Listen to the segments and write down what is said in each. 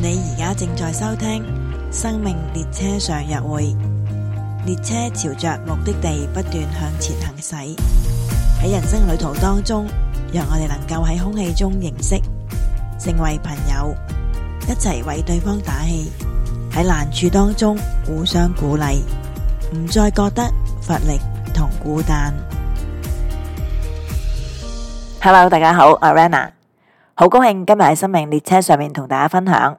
你而家正在收聽《生命列車上約會》，列車朝着目的地不斷向前行駛。喺人生旅途當中，讓我哋能夠喺空氣中認識，成為朋友，一齊為對方打氣。喺難處當中互相鼓勵，唔再覺得乏力同孤單。Hello，大家好，我係 Rana，好高興今日喺生命列車上面同大家分享。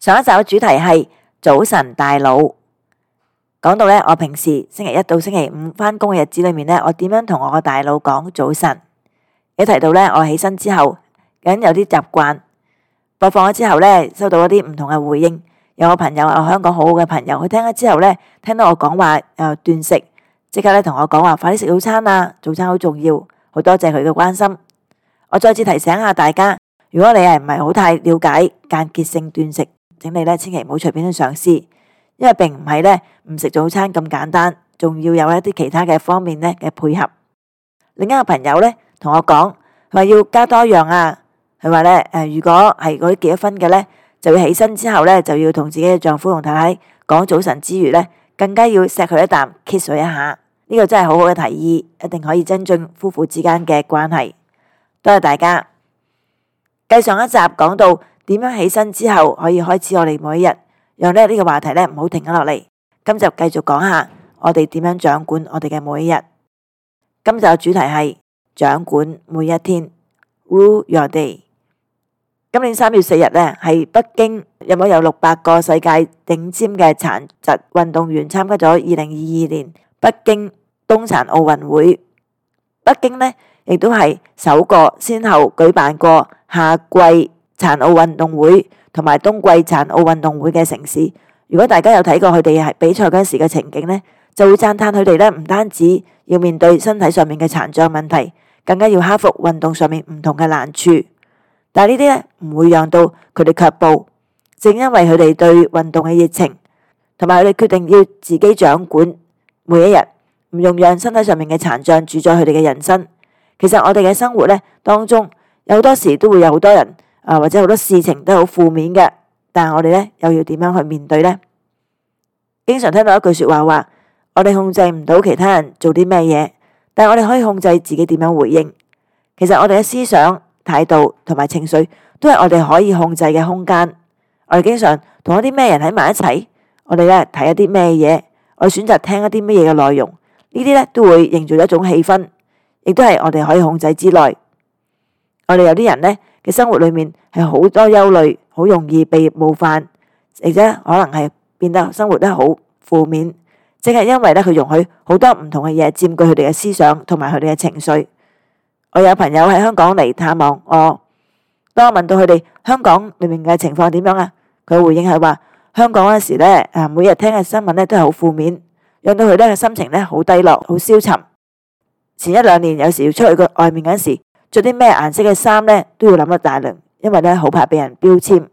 上一集嘅主題係早晨大腦，講到呢，我平時星期一到星期五返工嘅日子裏面呢，我點樣同我嘅大腦講早晨？一提到呢，我起身之後，咁有啲習慣。播放咗之後呢，收到一啲唔同嘅回應，有個朋友啊，香港好好嘅朋友，佢聽咗之後呢，聽到我講話誒斷食，即刻咧同我講話快啲食早餐啊！早餐好重要，好多謝佢嘅關心。我再次提醒下大家，如果你係唔係好太了解間歇性斷食。請你咧，千祈唔好隨便去嘗試，因為並唔係咧唔食早餐咁簡單，仲要有一啲其他嘅方面咧嘅配合。另一個朋友咧同我講，佢話要加多樣啊，佢話咧誒，如果係嗰啲結咗婚嘅咧，就要起身之後咧就要同自己嘅丈夫同太太講早晨之餘咧，更加要錫佢一啖，kiss 佢一下。呢個真係好好嘅提議，一定可以增進夫婦之間嘅關係。多謝大家，繼上一集講到。點樣起身之後，可以開始我哋每一日，讓呢呢個話題呢，唔好停咗落嚟。今集繼續講下我哋點樣掌管我哋嘅每一日。今集嘅主題係掌管每一天，Rule Your Day。今年三月四日呢，喺北京有冇有六百個世界頂尖嘅殘疾運動員參加咗二零二二年北京冬殘奧運會。北京呢，亦都係首個先後舉辦過夏季。殘奧運動會同埋冬季殘奧運動會嘅城市，如果大家有睇過佢哋係比賽嗰時嘅情景呢，就會讚嘆佢哋呢唔單止要面對身體上面嘅殘障問題，更加要克服運動上面唔同嘅難處。但係呢啲呢唔會讓到佢哋卻步，正因為佢哋對運動嘅熱情，同埋佢哋決定要自己掌管每一日，唔容讓身體上面嘅殘障主宰佢哋嘅人生。其實我哋嘅生活呢，當中，有好多時都會有好多人。啊，或者好多事情都好負面嘅，但係我哋呢又要點樣去面對呢？經常聽到一句說話話，我哋控制唔到其他人做啲咩嘢，但係我哋可以控制自己點樣回應。其實我哋嘅思想、態度同埋情緒都係我哋可以控制嘅空間。我哋經常同一啲咩人喺埋一齊，我哋呢睇一啲咩嘢，我哋選擇聽一啲咩嘢嘅內容，呢啲呢都會營造一種氣氛，亦都係我哋可以控制之內。我哋有啲人呢。嘅生活裏面係好多憂慮，好容易被冒犯，而且可能係變得生活得好負面。正係因為呢，佢容許好多唔同嘅嘢佔據佢哋嘅思想同埋佢哋嘅情緒。我有朋友喺香港嚟探望我，當我問到佢哋香港裏面嘅情況點樣啊，佢回應係話香港嗰時呢，啊每日聽嘅新聞呢都係好負面，讓到佢呢嘅心情呢好低落、好消沉。前一兩年有時要出去個外面嗰時。着啲咩顏色嘅衫呢？都要諗得大量，因為呢好怕俾人標籤。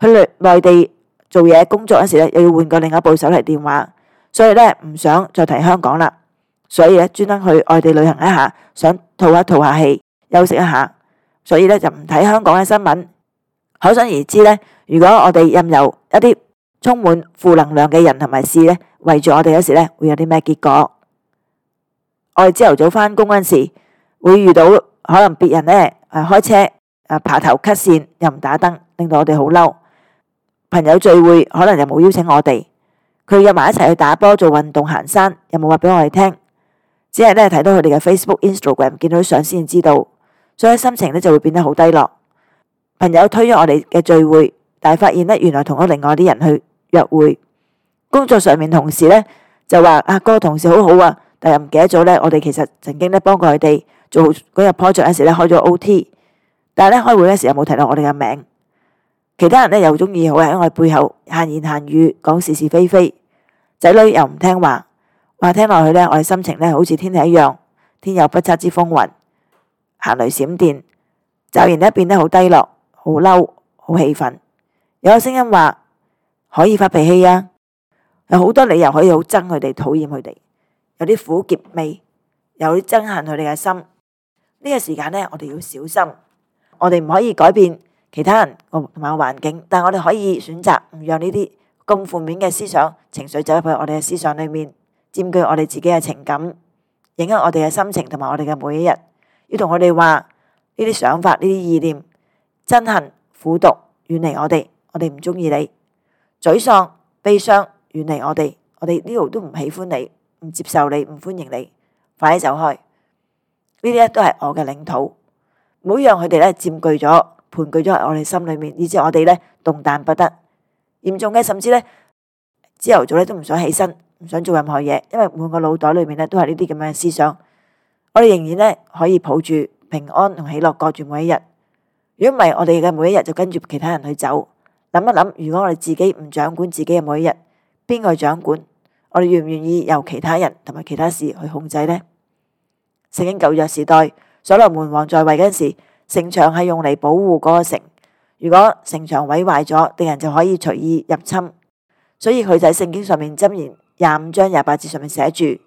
去內地做嘢工作嗰時呢，又要換過另一部手提電話，所以呢唔想再提香港啦。所以呢專登去外地旅行一下，想吐一吐下氣，休息一下。所以呢就唔睇香港嘅新聞。可想而知呢，如果我哋任由一啲充滿負能量嘅人同埋事呢圍住我哋嗰時呢，會有啲咩結果？我哋朝頭早返工嗰時會遇到。可能別人咧，誒開車，誒爬頭 cut 線又唔打燈，令到我哋好嬲。朋友聚會可能又冇邀請我哋，佢約埋一齊去打波、做運動、行山，又冇話俾我哋聽。只係咧睇到佢哋嘅 Facebook、Instagram，見到啲相先知道，所以心情咧就會變得好低落。朋友推咗我哋嘅聚會，但係發現咧原來同咗另外啲人去約會。工作上面同事咧就話：啊，個同事好好啊，但係又唔記得咗咧，我哋其實曾經咧幫過佢哋。做嗰日 project 嗰時呢，開咗 OT，但係呢，開會嘅時候又冇提到我哋嘅名，其他人呢，又中意好喺我哋背後閒言閒語講是是非非，仔女又唔聽話，話聽落去呢，我哋心情呢，好似天氣一樣，天有不測之風雲，行雷閃電，驟然呢變得好低落，好嬲，好氣憤。有個聲音話可以發脾氣啊，有好多理由可以好憎佢哋，討厭佢哋，有啲苦澀味，有啲憎恨佢哋嘅心。呢個時間呢，我哋要小心，我哋唔可以改變其他人同埋環境，但係我哋可以選擇唔讓呢啲咁負面嘅思想、情緒走入去我哋嘅思想裏面，佔據我哋自己嘅情感，影響我哋嘅心情同埋我哋嘅每一日。要同我哋話呢啲想法、呢啲意念、憎恨、苦毒，遠離我哋，我哋唔中意你；沮喪、悲傷，遠離我哋，我哋呢度都唔喜歡你，唔接受你，唔歡迎你，快啲走開。呢啲都係我嘅領土，唔好讓佢哋咧佔據咗、盤踞咗喺我哋心裏面，以致我哋咧動彈不得。嚴重嘅，甚至咧朝頭早咧都唔想起身，唔想做任何嘢，因為每個腦袋裏面咧都係呢啲咁樣嘅思想。我哋仍然咧可以抱住平安同喜樂過住每一日。如果唔係，我哋嘅每一日就跟住其他人去走。諗一諗，如果我哋自己唔掌管自己嘅每一日，邊個去掌管？我哋願唔願意由其他人同埋其他事去控制咧？聖經舊約時代，所羅門王在位嗰時，城牆係用嚟保護嗰個城。如果城牆毀壞咗，敵人就可以隨意入侵。所以佢就喺聖經上面言，箴言廿五章廿八節上面寫住：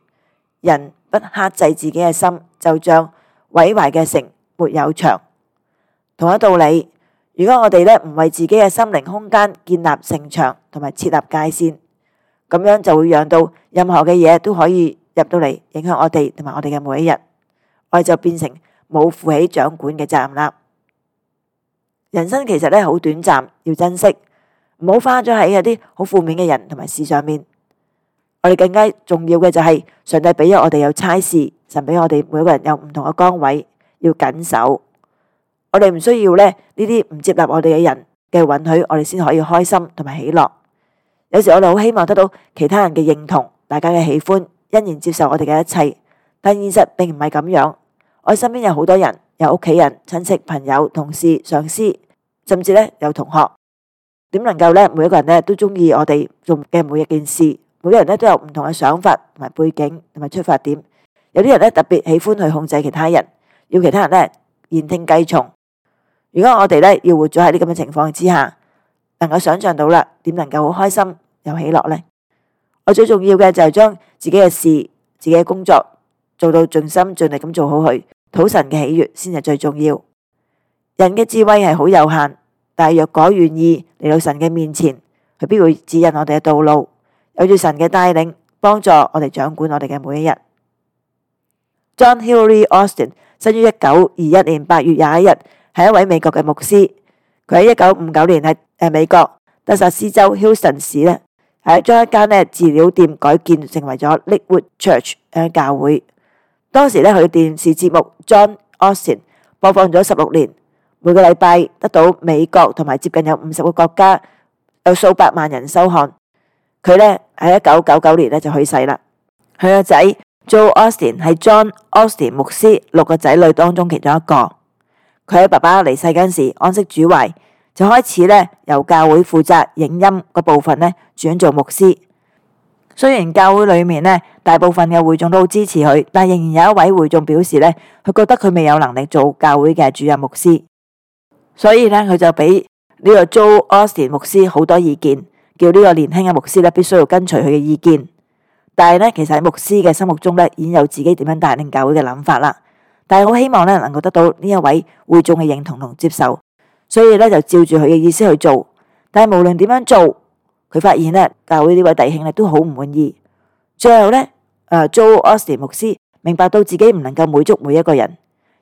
人不克制自己嘅心，就像毀壞嘅城沒有牆。同一道理，如果我哋呢唔為自己嘅心靈空間建立城牆，同埋設立界線，咁樣就會讓到任何嘅嘢都可以入到嚟，影響我哋同埋我哋嘅每一日。我哋就變成冇負起掌管嘅責任啦。人生其實呢，好短暫，要珍惜，唔好花咗喺一啲好負面嘅人同埋事上面。我哋更加重要嘅就係上帝俾咗我哋有差事，神俾我哋每一個人有唔同嘅崗位，要緊守。我哋唔需要咧呢啲唔接納我哋嘅人嘅允許，我哋先可以開心同埋喜樂。有時我哋好希望得到其他人嘅認同，大家嘅喜歡，欣然接受我哋嘅一切，但係現實並唔係咁樣。我身邊有好多人，有屋企人、親戚、朋友、同事、上司，甚至呢，有同學，點能夠呢？每一個人呢都鍾意我哋做嘅每一件事。每個人呢都有唔同嘅想法同埋背景同埋出發點。有啲人呢特別喜歡去控制其他人，要其他人呢言聽計從。如果我哋呢要活咗喺呢咁嘅情況之下，能夠想象到啦點能夠好開心又喜樂呢？我最重要嘅就係將自己嘅事、自己嘅工作。做到盡心盡力咁做好佢，討神嘅喜悅先係最重要。人嘅智慧係好有限，但係若果願意嚟到神嘅面前，佢必會指引我哋嘅道路，有住神嘅帶領，幫助我哋掌管我哋嘅每一 Austin, 日。John h i l a r y Austin 生於一九二一年八月廿一日，係一位美國嘅牧師。佢喺一九五九年喺美國德薩斯州 h i l l o n 市咧，喺將一間咧治療店改建成為咗 l i q u i d Church 誒教會。當時佢嘅電視節目 John Osteen 播放咗十六年，每個禮拜得到美國同埋接近有五十個國家有數百萬人收看。佢呢喺一九九九年呢就去世啦。佢個仔 Joel Osteen 係 John Osteen 牧師六個仔女當中其中一個。佢喺爸爸離世嗰陣時安息主懷，就開始呢由教會負責影音個部分呢轉做牧師。雖然教會裏面呢，大部分嘅會眾都好支持佢，但係仍然有一位會眾表示呢，佢覺得佢未有能力做教會嘅主任牧師，所以呢佢就俾呢個 Joel Osteen 牧師好多意見，叫呢個年輕嘅牧師呢必須要跟隨佢嘅意見。但係呢，其實喺牧師嘅心目中呢，已經有自己點樣帶領教會嘅諗法啦。但係好希望呢能夠得到呢一位會眾嘅認同同接受，所以呢就照住佢嘅意思去做。但係無論點樣做。佢發現咧，教會呢位弟兄咧都好唔滿意。最後咧，阿 Jo 奧斯牧師明白到自己唔能夠滿足每一個人，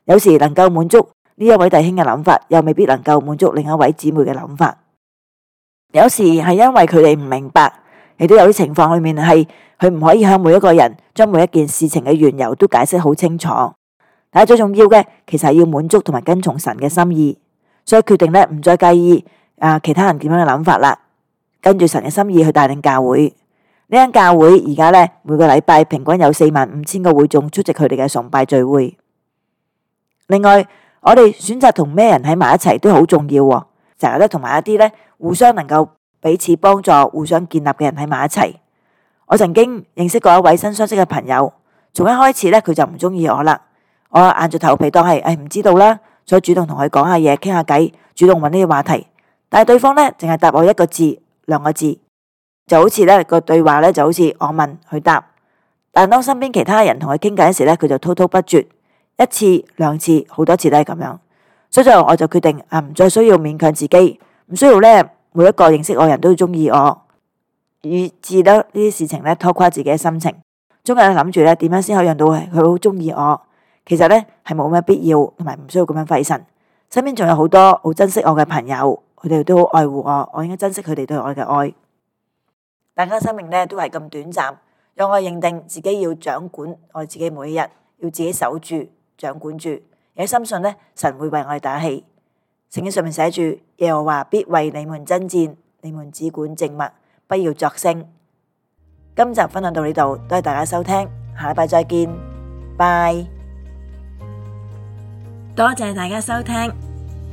有時能夠滿足呢一位弟兄嘅諗法，又未必能夠滿足另一位姊妹嘅諗法。有時係因為佢哋唔明白，亦都有啲情況裏面係佢唔可以向每一個人將每一件事情嘅緣由都解釋好清楚。但係最重要嘅，其實係要滿足同埋跟從神嘅心意，所以決定咧唔再介意啊其他人點樣嘅諗法啦。跟住神嘅心意去帶領教會。呢間教會而家呢，每個禮拜平均有四萬五千個會眾出席佢哋嘅崇拜聚會。另外，我哋選擇同咩人喺埋一齊都好重要喎，成日呢同埋一啲呢互相能夠彼此幫助、互相建立嘅人喺埋一齊。我曾經認識過一位新相識嘅朋友，從一開始呢，佢就唔中意我啦。我硬住頭皮當係唉唔知道啦，所以主動同佢講下嘢，傾下偈，主動搵呢啲話題，但係對方呢，淨係答我一個字。兩個字就好似咧，呢個對話咧就好似我問佢答，但當身邊其他人同佢傾偈嗰時咧，佢就滔滔不絕，一次兩次好多次都係咁樣，所以最後我就決定啊唔再需要勉強自己，唔需要咧每一個認識我嘅人都中意我，以致得呢啲事情咧拖垮自己嘅心情，終日諗住咧點樣先可以讓到佢好中意我。其實咧係冇咩必要，同埋唔需要咁樣費神，身邊仲有好多好珍惜我嘅朋友。佢哋都好愛護我，我應該珍惜佢哋對我嘅愛。大家生命呢都係咁短暫，讓我認定自己要掌管我自己每一日，要自己守住、掌管住，而且深信呢神會為我哋打氣。聖經上面寫住，耶和華必為你們爭戰，你們只管靜默，不要作聲。今集分享到呢度，多謝大家收聽，下禮拜再見，拜，多謝大家收聽。